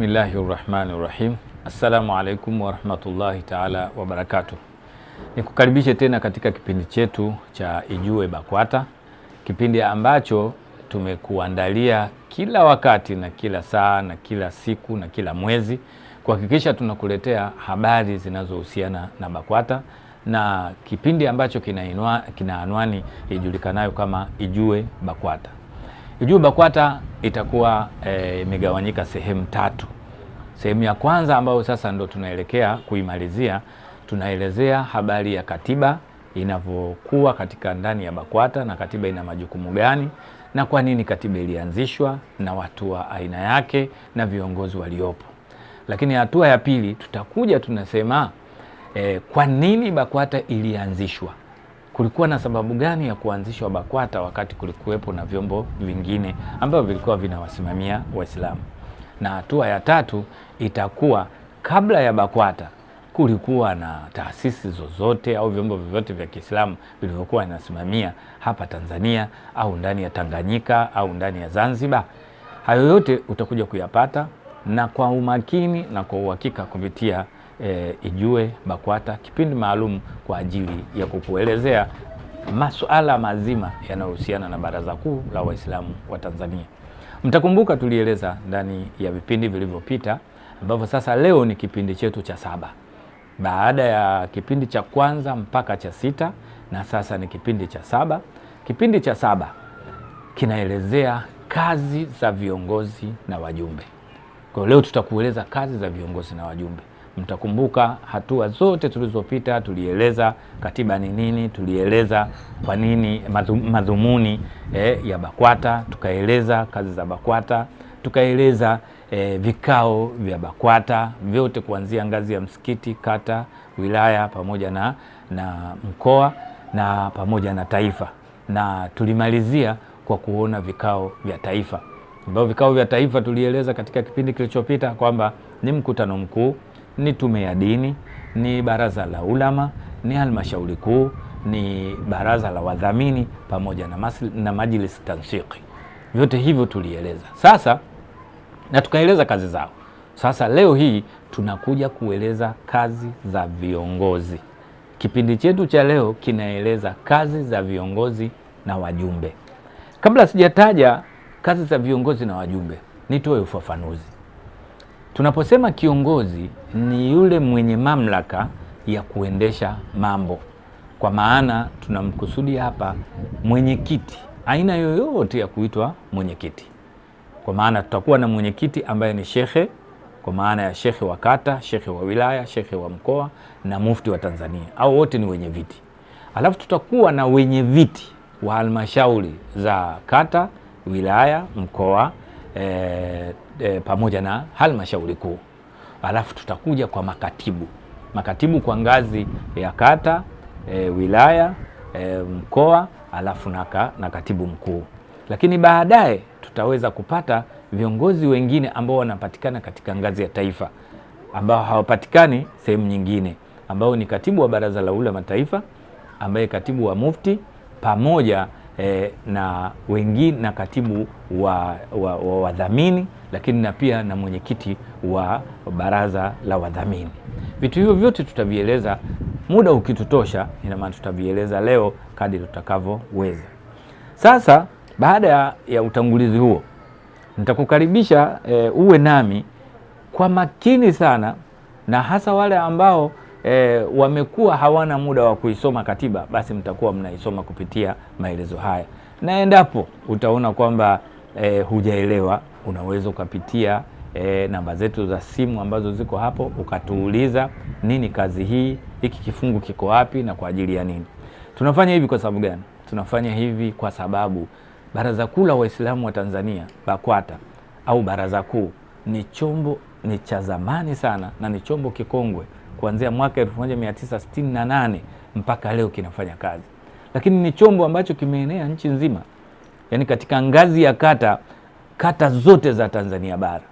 Bismillahi rahmani rahim. Assalamu alaikum warahmatullahi taala wabarakatu Nikukaribishe tena katika kipindi chetu cha Ijue BAKWATA, kipindi ambacho tumekuandalia kila wakati na kila saa na kila siku na kila mwezi kuhakikisha tunakuletea habari zinazohusiana na BAKWATA na kipindi ambacho kina, inua, kina anwani ijulikanayo kama Ijue BAKWATA. Ujumbe BAKWATA itakuwa eh, imegawanyika e, sehemu tatu. Sehemu ya kwanza ambayo sasa ndo tunaelekea kuimalizia, tunaelezea habari ya katiba inavyokuwa katika ndani ya BAKWATA na katiba ina majukumu gani na kwa nini katiba ilianzishwa na watu wa aina yake na viongozi waliopo. Lakini hatua ya pili tutakuja tunasema e, kwa nini BAKWATA ilianzishwa kulikuwa na sababu gani ya kuanzishwa BAKWATA wakati kulikuwepo na vyombo vingine ambavyo vilikuwa vinawasimamia Waislamu? Na hatua ya tatu itakuwa kabla ya BAKWATA kulikuwa na taasisi zozote au vyombo vyovyote vya Kiislamu vilivyokuwa inasimamia hapa Tanzania au ndani ya Tanganyika au ndani ya Zanzibar? Hayo yote utakuja kuyapata na kwa umakini na kwa uhakika kupitia e, ijue BAKWATA kipindi maalum kwa ajili ya kukuelezea masuala mazima yanayohusiana na Baraza Kuu la Waislamu wa Tanzania. Mtakumbuka tulieleza ndani ya vipindi vilivyopita ambavyo sasa leo ni kipindi chetu cha saba baada ya kipindi cha kwanza mpaka cha sita, na sasa ni kipindi cha saba. Kipindi cha saba kinaelezea kazi za viongozi na wajumbe. Kwa leo tutakueleza kazi za viongozi na wajumbe. Mtakumbuka hatua zote tulizopita, tulieleza katiba ni nini, tulieleza kwa nini madhumuni eh, ya BAKWATA, tukaeleza kazi za BAKWATA, tukaeleza eh, vikao vya BAKWATA vyote kuanzia ngazi ya msikiti, kata, wilaya pamoja na, na mkoa na pamoja na taifa, na tulimalizia kwa kuona vikao vya taifa ambao vikao vya taifa tulieleza katika kipindi kilichopita kwamba ni mkutano mkuu ni tume ya dini, ni baraza la ulama, ni halmashauri kuu, ni baraza la wadhamini pamoja na, masl, na majlis tansiki. Vyote hivyo tulieleza sasa na tukaeleza kazi zao. Sasa leo hii tunakuja kueleza kazi za viongozi. Kipindi chetu cha leo kinaeleza kazi za viongozi na wajumbe. Kabla sijataja kazi za viongozi na wajumbe, nitoe ufafanuzi. Tunaposema kiongozi ni yule mwenye mamlaka ya kuendesha mambo, kwa maana tunamkusudia hapa mwenyekiti, aina yoyote ya kuitwa mwenyekiti. Kwa maana tutakuwa na mwenyekiti ambaye ni shekhe, kwa maana ya shekhe wa kata, shekhe wa wilaya, shekhe wa mkoa na mufti wa Tanzania, au wote ni wenye viti. Alafu tutakuwa na wenye viti wa halmashauri za kata, wilaya, mkoa, e, e, pamoja na halmashauri kuu, alafu tutakuja kwa makatibu, makatibu kwa ngazi ya kata, e, wilaya, e, mkoa, alafu naka, na katibu mkuu, lakini baadaye tutaweza kupata viongozi wengine ambao wanapatikana katika ngazi ya taifa ambao hawapatikani sehemu nyingine, ambao ni katibu wa Baraza la Ulama Taifa, ambaye katibu wa Mufti pamoja e, na wengine na katibu wa wadhamini wa, wa lakini na pia na mwenyekiti wa baraza la wadhamini. Vitu hivyo vyote tutavieleza muda ukitutosha, ina maana tutavieleza leo kadri tutakavyoweza. Sasa baada ya utangulizi huo, nitakukaribisha e, uwe nami kwa makini sana na hasa wale ambao e, wamekuwa hawana muda wa kuisoma katiba, basi mtakuwa mnaisoma kupitia maelezo haya, na endapo utaona kwamba e, hujaelewa unaweza ukapitia e, namba zetu za simu ambazo ziko hapo ukatuuliza nini kazi hii, hiki kifungu kiko wapi na kwa ajili ya nini. Tunafanya hivi kwa sababu gani? Tunafanya hivi kwa sababu Baraza Kuu la Waislamu wa Tanzania BAKWATA au Baraza Kuu ni chombo ni cha zamani sana na ni chombo kikongwe kuanzia mwaka 1968 mpaka leo kinafanya kazi, lakini ni chombo ambacho kimeenea nchi nzima, yaani katika ngazi ya kata, kata zote za Tanzania bara.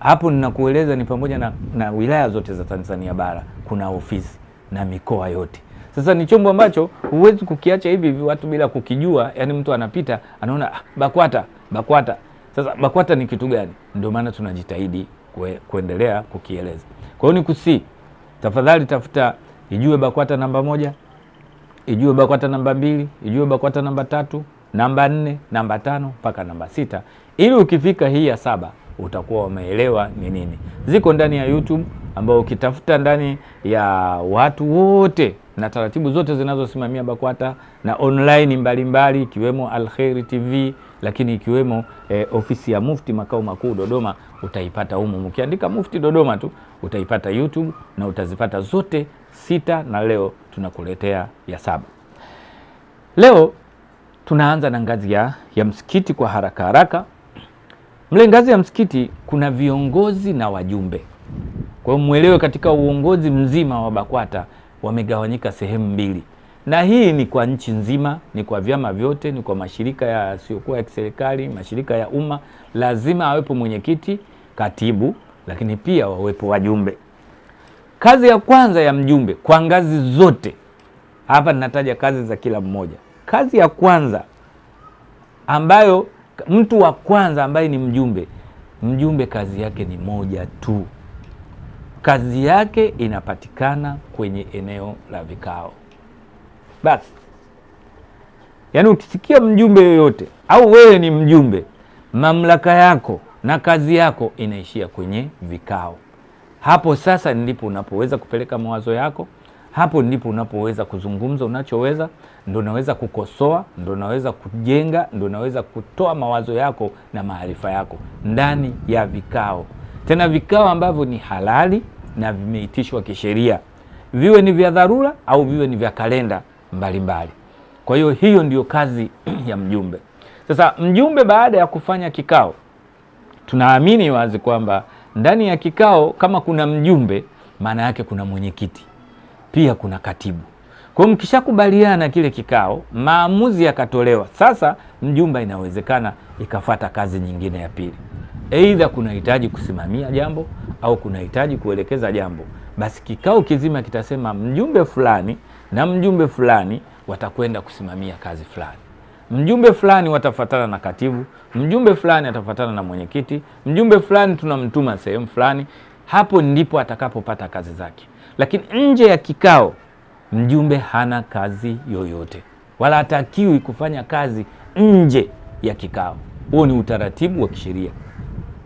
Hapo ninakueleza ni pamoja na, na wilaya zote za Tanzania bara kuna ofisi na mikoa yote. Sasa ni chombo ambacho huwezi kukiacha hivi hivi watu bila kukijua, yani mtu anapita anaona ah, BAKWATA BAKWATA. Sasa BAKWATA ni kitu gani? Ndio maana tunajitahidi kue, kuendelea kukieleza. Kwa hiyo ni kusii tafadhali tafuta ijue BAKWATA namba moja, ijue BAKWATA namba mbili, ijue BAKWATA namba tatu, namba nne, namba tano mpaka namba sita, ili ukifika hii ya saba utakuwa umeelewa ni nini. Ziko ndani ya YouTube ambao ukitafuta ndani ya watu wote na taratibu zote zinazosimamia BAKWATA na online mbalimbali ikiwemo mbali, Alkheri TV lakini ikiwemo eh, ofisi ya Mufti makao makuu Dodoma utaipata humu. Ukiandika Mufti Dodoma tu utaipata YouTube na utazipata zote sita, na leo tunakuletea ya saba. Leo tunaanza na ngazi ya, ya msikiti kwa haraka haraka. Mle ngazi ya msikiti kuna viongozi na wajumbe. Kwa hiyo mwelewe, katika uongozi mzima wa BAKWATA wamegawanyika sehemu mbili, na hii ni kwa nchi nzima, ni kwa vyama vyote, ni kwa mashirika yasiyokuwa ya kiserikali, mashirika ya umma. Lazima awepo mwenyekiti, katibu lakini pia wawepo wajumbe. Kazi ya kwanza ya mjumbe kwa ngazi zote, hapa ninataja kazi za kila mmoja. Kazi ya kwanza ambayo mtu wa kwanza ambaye ni mjumbe, mjumbe kazi yake ni moja tu, kazi yake inapatikana kwenye eneo la vikao basi. Yaani ukisikia mjumbe yoyote au wewe ni mjumbe, mamlaka yako na kazi yako inaishia kwenye vikao. Hapo sasa ndipo unapoweza kupeleka mawazo yako, hapo ndipo unapoweza kuzungumza unachoweza, ndo unaweza kukosoa, ndo unaweza kujenga, ndo unaweza kutoa mawazo yako na maarifa yako ndani ya vikao, tena vikao ambavyo ni halali na vimeitishwa kisheria, viwe ni vya dharura au viwe ni vya kalenda mbalimbali. Kwa hiyo hiyo ndiyo kazi ya mjumbe. Sasa mjumbe baada ya kufanya kikao tunaamini wazi kwamba ndani ya kikao kama kuna mjumbe, maana yake kuna mwenyekiti pia kuna katibu. Kwa hiyo mkishakubaliana kile kikao, maamuzi yakatolewa, sasa mjumbe inawezekana ikafata kazi nyingine ya pili, aidha kunahitaji kusimamia jambo au kunahitaji kuelekeza jambo, basi kikao kizima kitasema mjumbe fulani na mjumbe fulani watakwenda kusimamia kazi fulani mjumbe fulani watafatana na katibu, mjumbe fulani atafatana na mwenyekiti, mjumbe fulani tunamtuma sehemu fulani. Hapo ndipo atakapopata kazi zake, lakini nje ya kikao mjumbe hana kazi yoyote, wala hatakiwi kufanya kazi nje ya kikao. Huo ni utaratibu wa kisheria.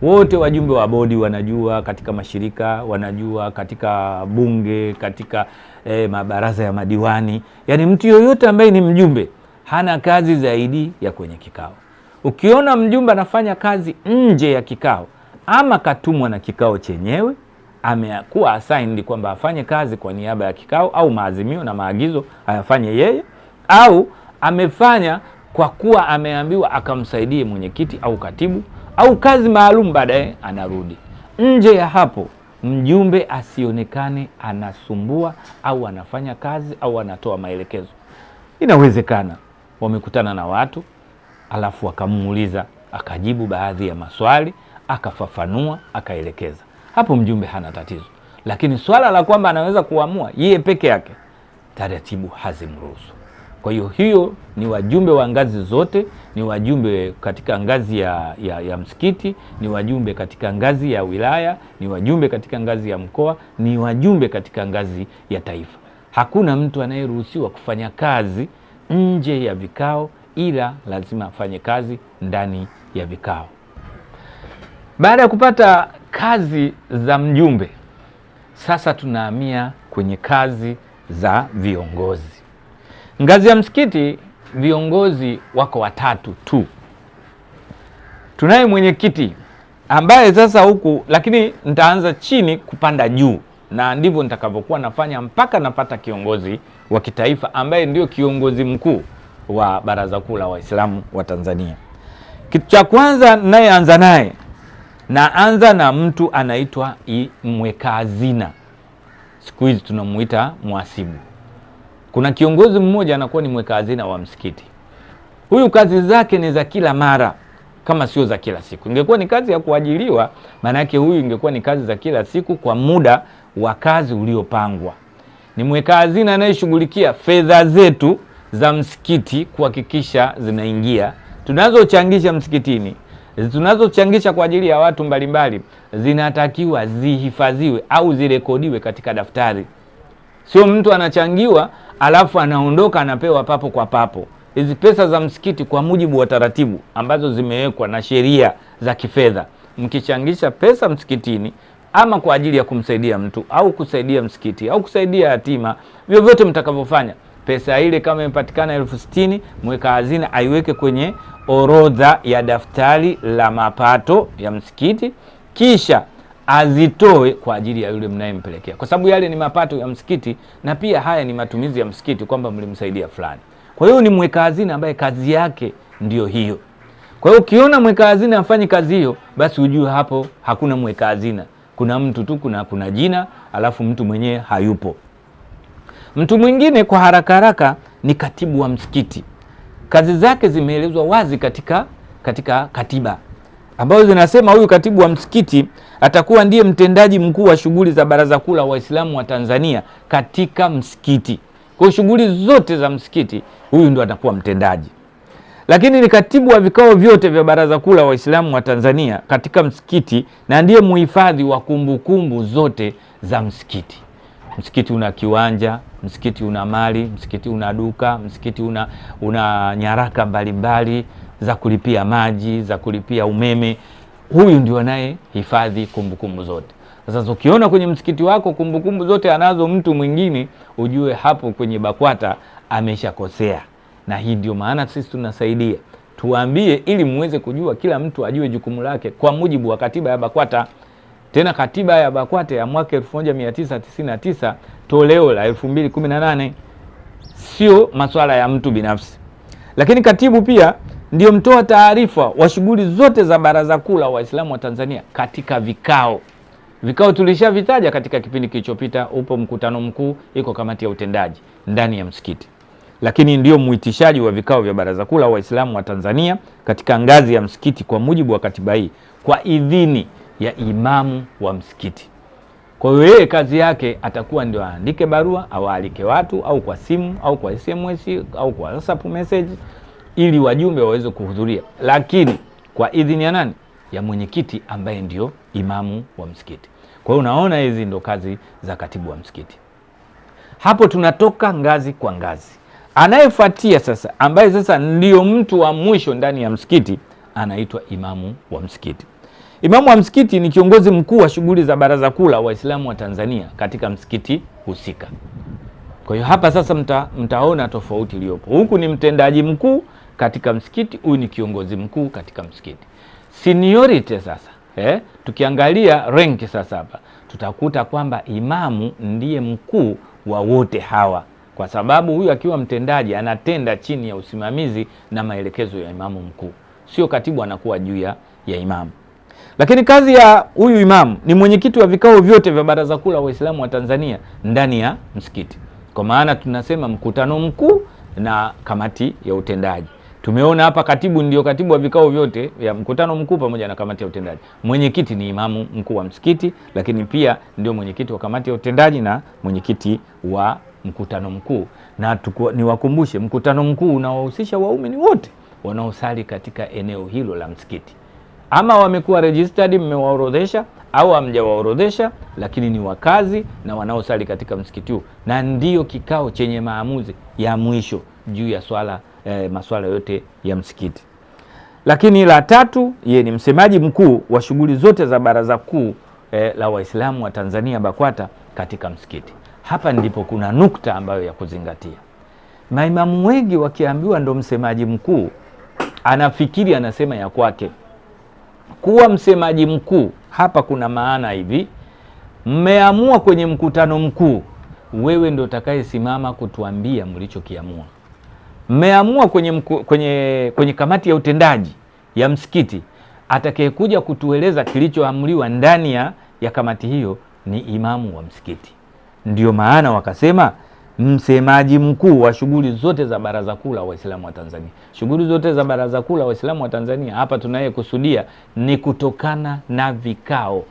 Wote wajumbe wa bodi wanajua, katika mashirika wanajua, katika bunge, katika eh, mabaraza ya madiwani, yaani mtu yoyote ambaye ni mjumbe hana kazi zaidi ya kwenye kikao. Ukiona mjumbe anafanya kazi nje ya kikao, ama katumwa na kikao chenyewe, amekuwa assigned kwamba afanye kazi kwa niaba ya kikao, au maazimio na maagizo ayafanye yeye, au amefanya kwa kuwa ameambiwa akamsaidie mwenyekiti au katibu, au kazi maalum, baadaye anarudi. Nje ya hapo mjumbe asionekane anasumbua au anafanya kazi au anatoa maelekezo. Inawezekana wamekutana na watu, alafu akamuuliza, akajibu baadhi ya maswali, akafafanua, akaelekeza. Hapo mjumbe hana tatizo, lakini swala la kwamba anaweza kuamua yeye peke yake, taratibu hazimruhusu. Kwa hiyo hiyo ni wajumbe wa ngazi zote, ni wajumbe katika ngazi ya, ya, ya msikiti, ni wajumbe katika ngazi ya wilaya, ni wajumbe katika ngazi ya mkoa, ni wajumbe katika ngazi ya taifa. Hakuna mtu anayeruhusiwa kufanya kazi nje ya vikao, ila lazima afanye kazi ndani ya vikao. Baada ya kupata kazi za mjumbe, sasa tunahamia kwenye kazi za viongozi. Ngazi ya msikiti, viongozi wako watatu tu. Tunaye mwenyekiti ambaye sasa huku, lakini nitaanza chini kupanda juu, na ndivyo nitakavyokuwa nafanya mpaka napata kiongozi wa kitaifa ambaye ndio kiongozi mkuu wa Baraza Kuu la Waislamu wa Tanzania. Kitu cha kwanza nayeanza naye naanza na mtu anaitwa mweka hazina, siku hizi tunamuita mwasibu. Kuna kiongozi mmoja anakuwa ni mweka hazina wa msikiti. Huyu kazi zake ni za kila mara kama sio za kila siku. Ingekuwa ni kazi ya kuajiriwa, maana yake huyu ingekuwa ni kazi za kila siku kwa muda wa kazi uliopangwa ni mweka hazina anayeshughulikia fedha zetu za msikiti kuhakikisha zinaingia, tunazochangisha msikitini, tunazochangisha kwa ajili ya watu mbalimbali, zinatakiwa zihifadhiwe au zirekodiwe katika daftari. Sio mtu anachangiwa alafu anaondoka anapewa papo kwa papo. Hizi pesa za msikiti, kwa mujibu wa taratibu ambazo zimewekwa na sheria za kifedha, mkichangisha pesa msikitini ama kwa ajili ya kumsaidia mtu au kusaidia msikiti au kusaidia yatima, vyovyote mtakavyofanya, pesa ile kama imepatikana elfu sitini, mweka hazina aiweke kwenye orodha ya daftari la mapato ya msikiti, kisha azitoe kwa ajili ya yule mnayempelekea, kwa sababu yale ni mapato ya msikiti na pia haya ni matumizi ya msikiti, kwamba mlimsaidia fulani. Kwa hiyo ni mweka hazina ambaye kazi yake ndiyo hiyo. Kwa hiyo ukiona mweka hazina afanyi kazi hiyo, basi ujue hapo hakuna mweka hazina kuna mtu tu, kuna kuna jina alafu mtu mwenyewe hayupo. Mtu mwingine kwa haraka haraka ni katibu wa msikiti. Kazi zake zimeelezwa wazi katika, katika katiba ambazo zinasema huyu katibu wa msikiti atakuwa ndiye mtendaji mkuu wa shughuli za Baraza Kuu la Waislamu wa Tanzania katika msikiti. Kwa shughuli zote za msikiti huyu ndo atakuwa mtendaji lakini ni katibu wa vikao vyote vya Baraza Kuu la Waislamu wa Tanzania katika msikiti na ndiye muhifadhi wa kumbukumbu kumbu zote za msikiti. Msikiti una kiwanja, msikiti una mali, msikiti una duka, msikiti una, una nyaraka mbalimbali mbali, za kulipia maji, za kulipia umeme. Huyu ndio anayehifadhi kumbukumbu zote. Sasa ukiona kwenye msikiti wako kumbukumbu kumbu zote anazo mtu mwingine, ujue hapo kwenye BAKWATA ameshakosea na hii ndio maana sisi tunasaidia tuambie, ili muweze kujua, kila mtu ajue jukumu lake kwa mujibu wa katiba ya BAKWATA. Tena katiba ya BAKWATA ya mwaka 1999 toleo la 2018, sio masuala ya mtu binafsi. Lakini katibu pia ndio mtoa taarifa wa shughuli zote za Baraza Kuu la Waislamu wa Tanzania katika vikao vikao tulishavitaja katika kipindi kilichopita. Upo mkutano mkuu, iko kamati ya utendaji ndani ya msikiti lakini ndio mwitishaji wa vikao vya Baraza Kuu la Waislamu wa Tanzania katika ngazi ya msikiti kwa mujibu wa katiba hii kwa idhini ya imamu wa msikiti. Kwa hiyo yeye kazi yake atakuwa ndio aandike barua au aalike watu au kwa simu au kwa SMS au kwa WhatsApp message ili wajumbe waweze kuhudhuria, lakini kwa idhini ya nani? Ya mwenyekiti ambaye ndio imamu wa msikiti. Kwa hiyo unaona hizi ndo kazi za katibu wa msikiti. Hapo tunatoka ngazi kwa ngazi. Anayefuatia sasa, ambaye sasa ndio mtu wa mwisho ndani ya msikiti, anaitwa imamu wa msikiti. Imamu wa msikiti ni kiongozi mkuu wa shughuli za Baraza Kuu la Waislamu wa Tanzania katika msikiti husika. Kwa hiyo hapa sasa mta, mtaona tofauti iliyopo. Huku ni mtendaji mkuu katika msikiti, huyu ni kiongozi mkuu katika msikiti. Seniority sasa eh, tukiangalia rank sasa hapa tutakuta kwamba imamu ndiye mkuu wa wote hawa kwa sababu huyu akiwa mtendaji anatenda chini ya usimamizi na maelekezo ya imamu mkuu, sio katibu anakuwa juu ya imamu. Lakini kazi ya huyu imamu ni mwenyekiti wa vikao vyote vya Baraza Kuu la Waislamu wa Tanzania ndani ya msikiti, kwa maana tunasema mkutano mkuu na kamati ya utendaji. Tumeona hapa katibu ndio katibu wa vikao vyote ya mkutano mkuu pamoja na kamati ya utendaji. Mwenyekiti ni imamu mkuu wa msikiti, lakini pia ndio mwenyekiti wa kamati ya utendaji na mwenyekiti wa mkutano mkuu, na niwakumbushe mkutano mkuu unawahusisha waumini wote wanaosali katika eneo hilo la msikiti, ama wamekuwa registered, mmewaorodhesha au hamjawaorodhesha, lakini ni wakazi na wanaosali katika msikiti huu, na ndiyo kikao chenye maamuzi ya mwisho juu ya swala eh, maswala yote ya msikiti. Lakini la tatu, ye ni msemaji mkuu wa shughuli zote za baraza kuu eh, la Waislamu wa Tanzania BAKWATA katika msikiti. Hapa ndipo kuna nukta ambayo ya kuzingatia. Maimamu wengi wakiambiwa ndo msemaji mkuu, anafikiri anasema ya kwake. Kuwa msemaji mkuu hapa kuna maana hivi, mmeamua kwenye mkutano mkuu, wewe ndo utakayesimama kutuambia mlichokiamua. Mmeamua kwenye, kwenye, kwenye kamati ya utendaji ya msikiti, atakayekuja kutueleza kilichoamriwa ndani ya kamati hiyo ni imamu wa msikiti ndio maana wakasema msemaji mkuu wa shughuli zote za Baraza Kuu la Waislamu wa Tanzania. Shughuli zote za Baraza Kuu la Waislamu wa Tanzania hapa tunayekusudia ni kutokana na vikao.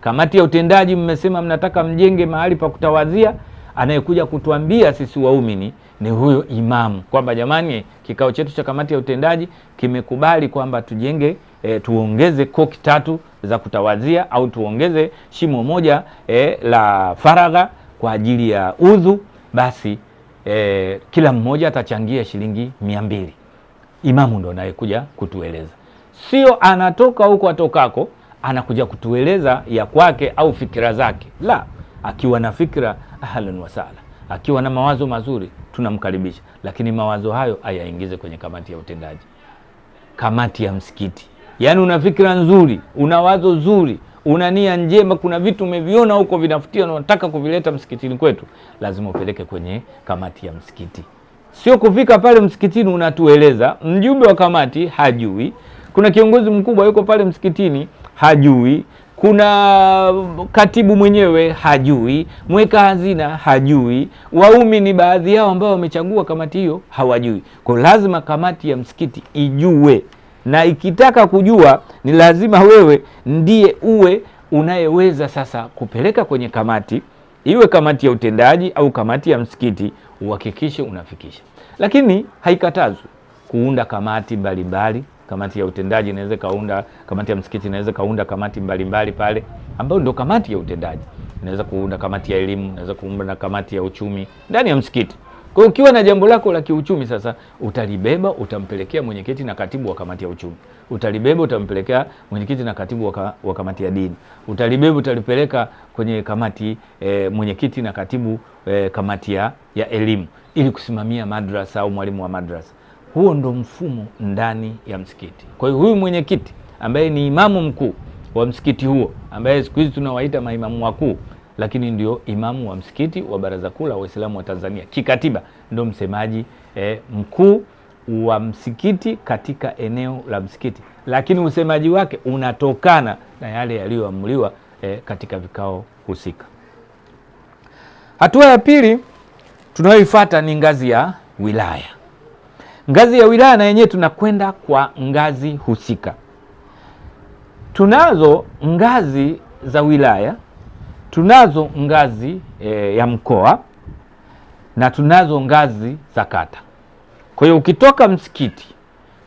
Kamati ya utendaji, mmesema mnataka mjenge mahali pa kutawazia. Anayekuja kutuambia sisi waumini ni huyo imamu, kwamba jamani, kikao chetu cha kamati ya utendaji kimekubali kwamba tujenge e, tuongeze koki tatu za kutawazia au tuongeze shimo moja e, la faragha kwa ajili ya udhu, basi eh, kila mmoja atachangia shilingi mia mbili. Imamu ndo anayekuja kutueleza, sio anatoka huko atokako, anakuja kutueleza ya kwake au fikira zake. La, akiwa na fikira ahlan wasala, akiwa na mawazo mazuri tunamkaribisha, lakini mawazo hayo ayaingize kwenye kamati ya utendaji, kamati ya msikiti. Yaani una fikira nzuri, una wazo zuri una nia njema, kuna vitu umeviona huko vinafutia na unataka kuvileta msikitini kwetu, lazima upeleke kwenye kamati ya msikiti. Sio kufika pale msikitini unatueleza, mjumbe wa kamati hajui, kuna kiongozi mkubwa yuko pale msikitini hajui, kuna katibu mwenyewe hajui, mweka hazina hajui, waumini baadhi yao ambao wamechagua kamati hiyo hawajui. Kwa lazima kamati ya msikiti ijue na ikitaka kujua ni lazima wewe ndiye uwe unayeweza sasa kupeleka kwenye kamati, iwe kamati ya utendaji au kamati ya msikiti, uhakikishe unafikisha. Lakini haikatazwi kuunda kamati mbalimbali mbali. Kamati ya utendaji inaweza kaunda, kamati ya msikiti inaweza kaunda kamati mbalimbali mbali pale, ambayo ndio kamati ya utendaji inaweza kuunda kamati ya elimu, inaweza kuunda kamati ya uchumi ndani ya msikiti. Kwa ukiwa na jambo lako la kiuchumi sasa utalibeba utampelekea mwenyekiti na katibu wa kamati ya uchumi, utalibeba utampelekea mwenyekiti na katibu wa kamati ya dini, utalibeba utalipeleka kwenye kamati e, mwenyekiti na katibu e, kamati ya, ya elimu ili kusimamia madrasa au mwalimu wa madrasa. Huo ndo mfumo ndani ya msikiti. Kwa hiyo huyu mwenyekiti ambaye ni imamu mkuu wa msikiti huo ambaye siku hizi tunawaita maimamu wakuu lakini ndio imamu wa msikiti wa Baraza Kuu la Waislamu wa Tanzania. Kikatiba ndio msemaji eh, mkuu wa msikiti katika eneo la msikiti, lakini usemaji wake unatokana na yale yaliyoamuliwa eh, katika vikao husika. Hatua ya pili tunayoifuata ni ngazi ya wilaya. Ngazi ya wilaya na yenyewe tunakwenda kwa ngazi husika. Tunazo ngazi za wilaya tunazo ngazi e, ya mkoa na tunazo ngazi za kata. Kwa hiyo ukitoka msikiti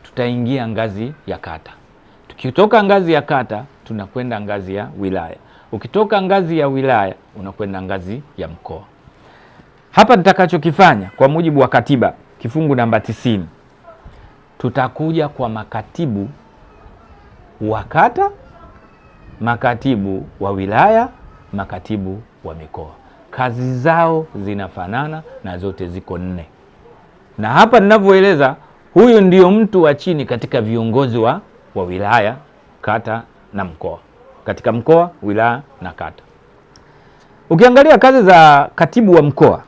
tutaingia ngazi ya kata, tukitoka ngazi ya kata tunakwenda ngazi ya wilaya, ukitoka ngazi ya wilaya unakwenda ngazi ya mkoa. Hapa nitakachokifanya kwa mujibu wa katiba kifungu namba tisini, tutakuja kwa makatibu wa kata, makatibu wa wilaya makatibu wa mikoa. Kazi zao zinafanana na zote ziko nne, na hapa ninavyoeleza, huyu ndio mtu wa chini katika viongozi wa, wa wilaya, kata na mkoa, katika mkoa, wilaya na kata. Ukiangalia kazi za katibu wa mkoa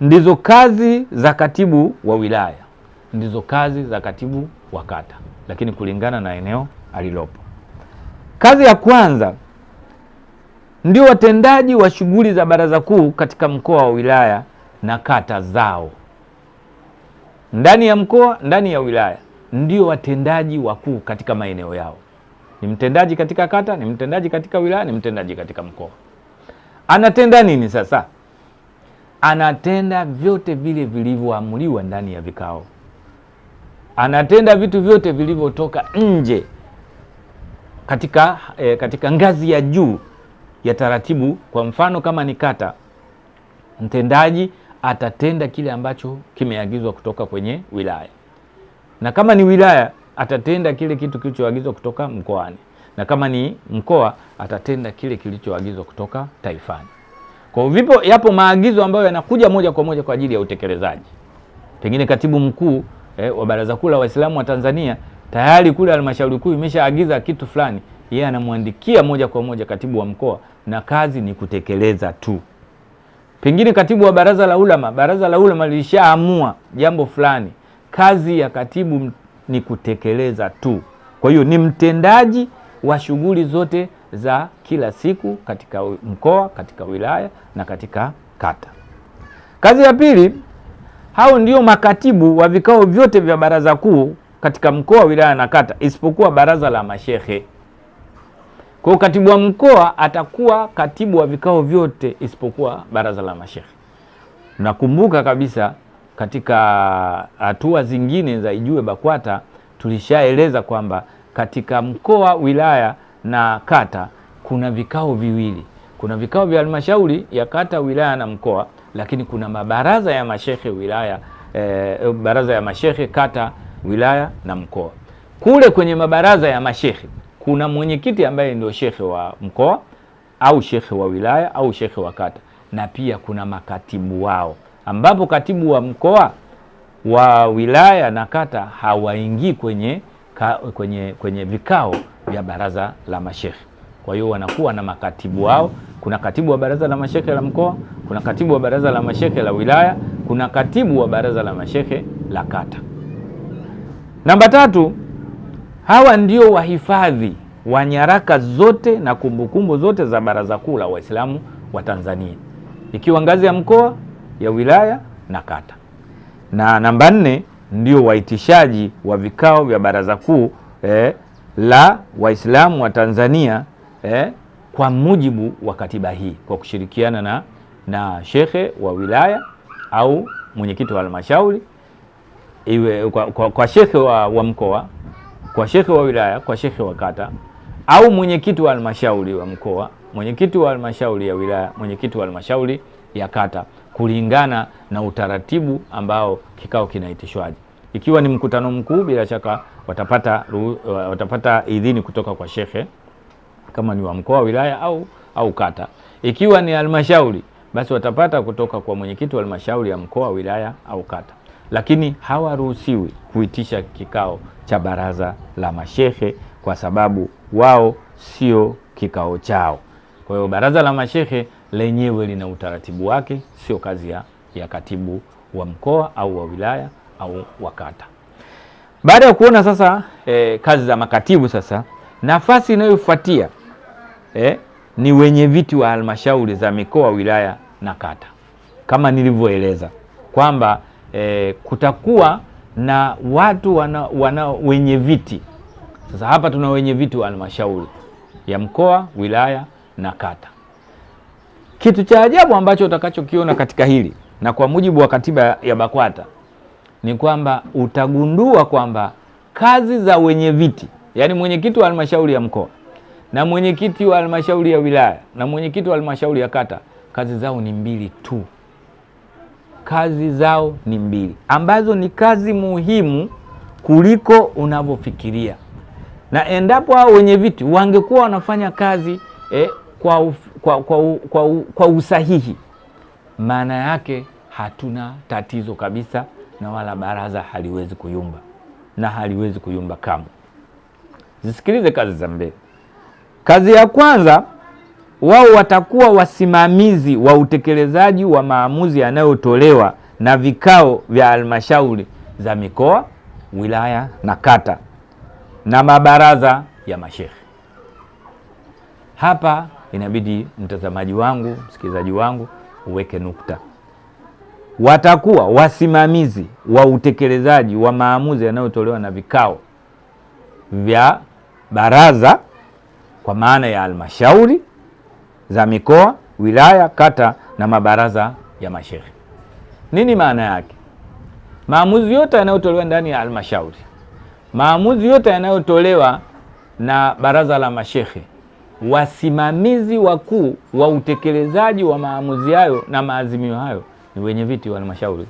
ndizo kazi za katibu wa wilaya, ndizo kazi za katibu wa kata, lakini kulingana na eneo alilopo. Kazi ya kwanza ndio watendaji wa shughuli za baraza kuu katika mkoa wa wilaya na kata zao ndani ya mkoa, ndani ya wilaya, ndio watendaji wakuu katika maeneo yao. Ni mtendaji katika kata, ni mtendaji katika wilaya, ni mtendaji katika mkoa. Anatenda nini sasa? Anatenda vyote vile vilivyoamuliwa ndani ya vikao, anatenda vitu vyote vilivyotoka nje katika, eh, katika ngazi ya juu ya taratibu. Kwa mfano kama ni kata, mtendaji atatenda kile ambacho kimeagizwa kutoka kwenye wilaya, na kama ni wilaya atatenda kile kitu kilichoagizwa kutoka mkoani, na kama ni mkoa atatenda kile kilichoagizwa kutoka taifani. Kwa vipo, yapo maagizo ambayo yanakuja moja kwa moja kwa ajili ya utekelezaji. Pengine katibu mkuu eh, wa Baraza Kuu la Waislamu wa Tanzania tayari kule halmashauri kuu imeshaagiza kitu fulani yeye anamwandikia moja kwa moja katibu wa mkoa, na kazi ni kutekeleza tu. Pengine katibu wa baraza la ulama, baraza la ulama lilishaamua jambo fulani, kazi ya katibu ni kutekeleza tu. Kwa hiyo ni mtendaji wa shughuli zote za kila siku katika mkoa, katika wilaya na katika kata. Kazi ya pili, hao ndio makatibu wa vikao vyote vya baraza kuu katika mkoa, wilaya na kata, isipokuwa baraza la mashehe. Kwa katibu wa mkoa atakuwa katibu wa vikao vyote isipokuwa baraza la mashehe. Nakumbuka kabisa katika ah, hatua zingine za Ijue BAKWATA tulishaeleza kwamba katika mkoa, wilaya na kata kuna vikao viwili, kuna vikao vya halmashauri ya kata, wilaya na mkoa, lakini kuna mabaraza ya mashehe wilaya, eh, baraza ya mashehe kata, wilaya na mkoa. Kule kwenye mabaraza ya mashehe kuna mwenyekiti ambaye ndio shekhe wa mkoa au shekhe wa wilaya au shekhe wa kata, na pia kuna makatibu wao, ambapo katibu wa mkoa wa wilaya na kata hawaingii kwenye, kwenye, kwenye vikao vya baraza la mashekhe. Kwa hiyo wanakuwa na makatibu wao. Kuna katibu wa baraza la mashekhe la mkoa, kuna katibu wa baraza la mashekhe la wilaya, kuna katibu wa baraza la mashekhe la kata. Namba tatu Hawa ndio wahifadhi wa nyaraka zote na kumbukumbu zote za Baraza Kuu la Waislamu wa Tanzania, ikiwa ngazi ya mkoa, ya wilaya na kata. Na namba nne ndio waitishaji wa vikao vya Baraza Kuu eh, la Waislamu wa Tanzania eh, kwa mujibu wa katiba hii kwa kushirikiana na, na shekhe wa wilaya au mwenyekiti wa halmashauri iwe kwa, kwa, kwa shekhe wa, wa mkoa kwa shekhe wa wilaya, kwa shekhe wa kata au mwenyekiti wa halmashauri wa mkoa, mwenyekiti wa halmashauri ya wilaya, mwenyekiti wa halmashauri ya kata, kulingana na utaratibu ambao kikao kinaitishwaje. Ikiwa ni mkutano mkuu, bila shaka watapata, watapata idhini kutoka kwa shekhe kama ni wa mkoa, wilaya au, au kata. Ikiwa ni halmashauri, basi watapata kutoka kwa mwenyekiti wa halmashauri ya mkoa, wilaya au kata lakini hawaruhusiwi kuitisha kikao cha baraza la mashehe kwa sababu wao sio kikao chao. Kwa hiyo baraza la mashehe lenyewe lina utaratibu wake, sio kazi ya, ya katibu wa mkoa au wa wilaya au wa kata. Baada ya kuona sasa eh, kazi za makatibu, sasa nafasi inayofuatia eh, ni wenye viti wa halmashauri za mikoa, wilaya na kata, kama nilivyoeleza kwamba eh, kutakuwa na watu wana, wana wenye viti. Sasa hapa tuna wenye viti wa halmashauri ya mkoa, wilaya na kata. Kitu cha ajabu ambacho utakachokiona katika hili na kwa mujibu wa katiba ya BAKWATA ni kwamba utagundua kwamba kazi za wenye viti, yaani mwenyekiti wa halmashauri ya mkoa na mwenyekiti wa halmashauri ya wilaya na mwenyekiti wa halmashauri ya kata, kazi zao ni mbili tu kazi zao ni mbili, ambazo ni kazi muhimu kuliko unavyofikiria. Na endapo hao wenye viti wangekuwa wanafanya kazi eh, kwa, uf, kwa, kwa, kwa, kwa usahihi, maana yake hatuna tatizo kabisa, na wala baraza haliwezi kuyumba na haliwezi kuyumba kamwe. Zisikilize kazi za mbele. Kazi ya kwanza wao watakuwa wasimamizi wa utekelezaji wa maamuzi yanayotolewa na vikao vya halmashauri za mikoa, wilaya na kata na mabaraza ya mashehe. Hapa inabidi mtazamaji wangu, msikilizaji wangu uweke nukta. Watakuwa wasimamizi wa utekelezaji wa maamuzi yanayotolewa na vikao vya baraza, kwa maana ya halmashauri za mikoa, wilaya, kata na mabaraza ya mashehe. Nini maana yake? Maamuzi yote yanayotolewa ndani ya halmashauri, maamuzi yote yanayotolewa na baraza la mashehe, wasimamizi wakuu wa utekelezaji wa maamuzi hayo na maazimio hayo ni wenye viti wa halmashauri.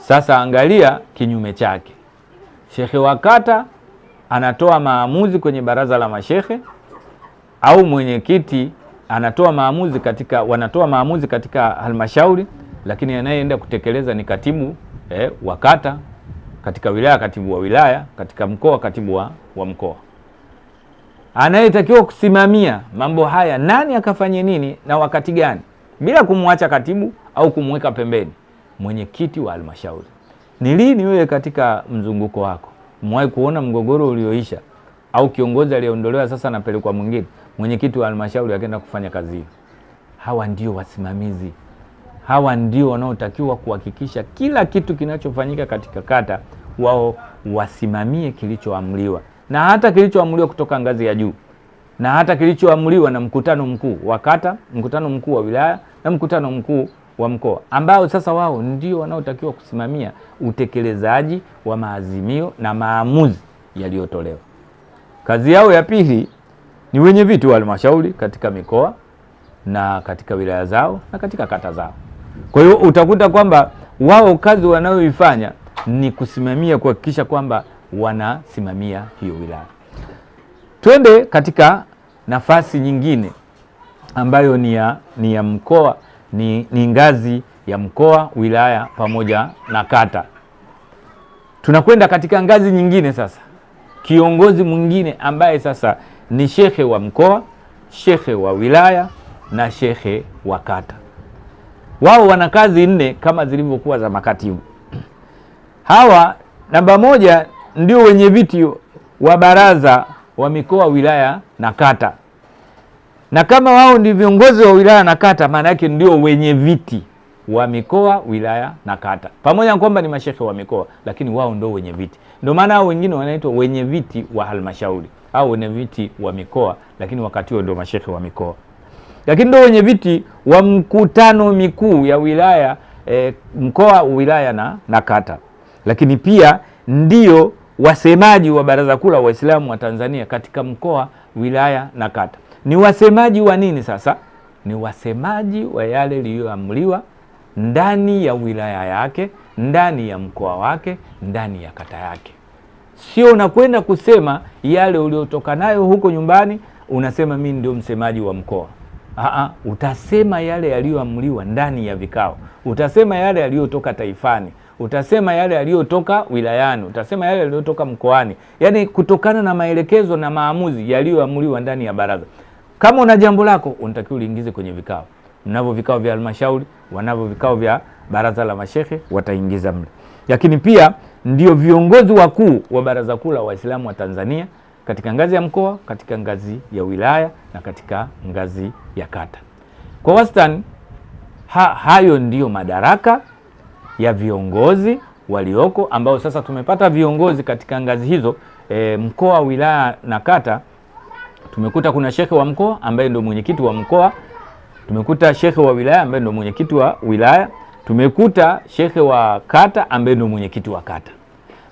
Sasa angalia kinyume chake, shehe wa kata anatoa maamuzi kwenye baraza la mashehe au mwenyekiti anatoa maamuzi katika wanatoa maamuzi katika halmashauri, lakini anayeenda kutekeleza ni katibu eh, wa kata, katika wilaya katibu wa wilaya, katika mkoa katibu wa, wa mkoa. Anayetakiwa kusimamia mambo haya nani, akafanye nini na wakati gani, bila kumwacha katibu au kumweka pembeni, mwenyekiti wa halmashauri. Ni lini wewe katika mzunguko wako umewahi kuona mgogoro ulioisha au kiongozi aliyeondolewa sasa anapelekwa mwingine, mwenyekiti wa halmashauri akaenda kufanya kazi hiyo. Hawa ndio wasimamizi, hawa ndio wanaotakiwa kuhakikisha kila kitu kinachofanyika katika kata wao wasimamie kilichoamriwa, na hata kilichoamriwa kutoka ngazi ya juu, na hata kilichoamriwa na mkutano mkuu wa kata, mkutano mkuu wa wilaya na mkutano mkuu wa mkoa, ambao sasa wao ndio wanaotakiwa kusimamia utekelezaji wa maazimio na maamuzi yaliyotolewa. Kazi yao ya pili ni wenye viti wa halmashauri katika mikoa na katika wilaya zao na katika kata zao. Kwa hiyo utakuta kwamba wao kazi wanayoifanya ni kusimamia, kuhakikisha kwamba wanasimamia hiyo wilaya. Twende katika nafasi nyingine ambayo ni ya, ni ya mkoa ni, ni ngazi ya mkoa, wilaya pamoja na kata. Tunakwenda katika ngazi nyingine sasa kiongozi mwingine ambaye sasa ni shekhe wa mkoa, shekhe wa wilaya na shekhe wa kata. Wao wana kazi nne kama zilivyokuwa za makatibu. Hawa namba moja ndio wenye viti wa baraza wa mikoa, wilaya na kata, na kama wao ndio viongozi wa wilaya na kata, maana yake ndio wenye viti wa mikoa, wilaya na kata. Pamoja na kwamba ni mashehe wa mikoa, lakini wao ndio wenye viti. Ndio maana hao wengine wanaitwa wenye viti wa halmashauri au wenye viti wa mikoa, lakini wakati huo ndio mashehe wa mikoa, lakini ndio wenye viti wa mkutano mikuu ya wilaya e, mkoa, wilaya na, na kata, lakini pia ndio wasemaji wa Baraza Kuu la Waislamu wa Tanzania katika mkoa, wilaya na kata. Ni wasemaji wa nini sasa? Ni wasemaji wa yale liliyoamriwa ndani ya wilaya yake, ndani ya mkoa wake, ndani ya kata yake. Sio unakwenda kusema yale uliotoka nayo huko nyumbani, unasema mimi ndio msemaji wa mkoa. Aha, utasema yale yaliyoamriwa ndani ya vikao, utasema yale yaliyotoka taifani, utasema yale yaliyotoka wilayani, utasema yale yaliyotoka mkoani, yaani kutokana na maelekezo na maamuzi yaliyoamriwa ndani ya baraza. Kama una jambo lako, unatakiwa uliingize kwenye vikao mnavyo vikao vya halmashauri, wanavyo vikao vya baraza la mashehe, wataingiza mle. Lakini pia ndio viongozi wakuu wa Baraza Kuu la Waislamu wa Tanzania katika ngazi ya mkoa, katika ngazi ya wilaya na katika ngazi ya kata. Kwa wastani ha, hayo ndiyo madaraka ya viongozi walioko ambao sasa tumepata viongozi katika ngazi hizo e, mkoa, wilaya na kata. Tumekuta kuna shekhe wa mkoa ambaye ndio mwenyekiti wa mkoa tumekuta shekhe wa wilaya ambaye ndio mwenyekiti wa wilaya, tumekuta shekhe wa kata ambaye ndio mwenyekiti wa kata,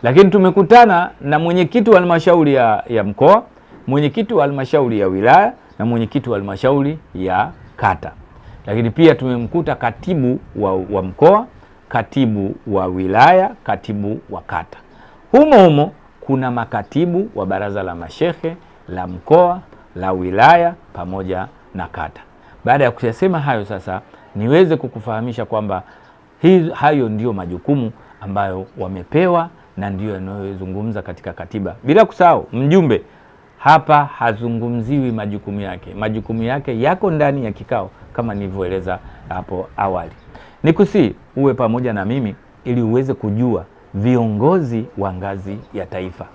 lakini tumekutana na mwenyekiti wa halmashauri ya, ya mkoa, mwenyekiti wa halmashauri ya wilaya na mwenyekiti wa halmashauri ya kata, lakini pia tumemkuta katibu wa, wa mkoa, katibu wa wilaya, katibu wa kata. Humo humo kuna makatibu wa baraza la mashehe la mkoa, la wilaya pamoja na kata. Baada ya kuyasema hayo, sasa niweze kukufahamisha kwamba hayo ndiyo majukumu ambayo wamepewa na ndiyo yanayozungumza katika katiba, bila kusahau mjumbe hapa hazungumziwi majukumu yake. Majukumu yake yako ndani ya kikao kama nilivyoeleza hapo awali. Nikusii uwe pamoja na mimi ili uweze kujua viongozi wa ngazi ya taifa,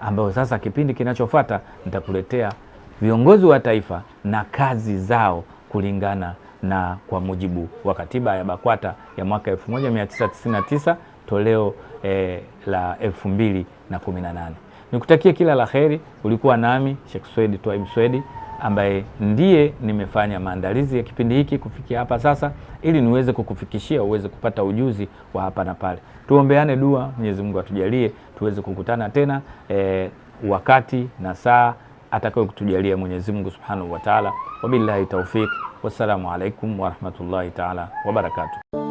ambayo sasa kipindi kinachofuata nitakuletea viongozi wa taifa na kazi zao kulingana na kwa mujibu wa katiba ya BAKWATA ya mwaka 1999 toleo e, la 2018. Nikutakie kila la heri. Ulikuwa nami Sheikh Swedi Twaib Swedi ambaye ndiye nimefanya maandalizi ya kipindi hiki kufikia hapa sasa, ili niweze kukufikishia uweze kupata ujuzi wa hapa na pale. Tuombeane dua, Mwenyezi Mungu atujalie tuweze kukutana tena e, wakati na saa atakaye kutujalia Mwenyezi Mungu Subhanahu wa Ta'ala. Wabillahi taufik, wassalamu alaikum warahmatullahi taala wabarakatuh.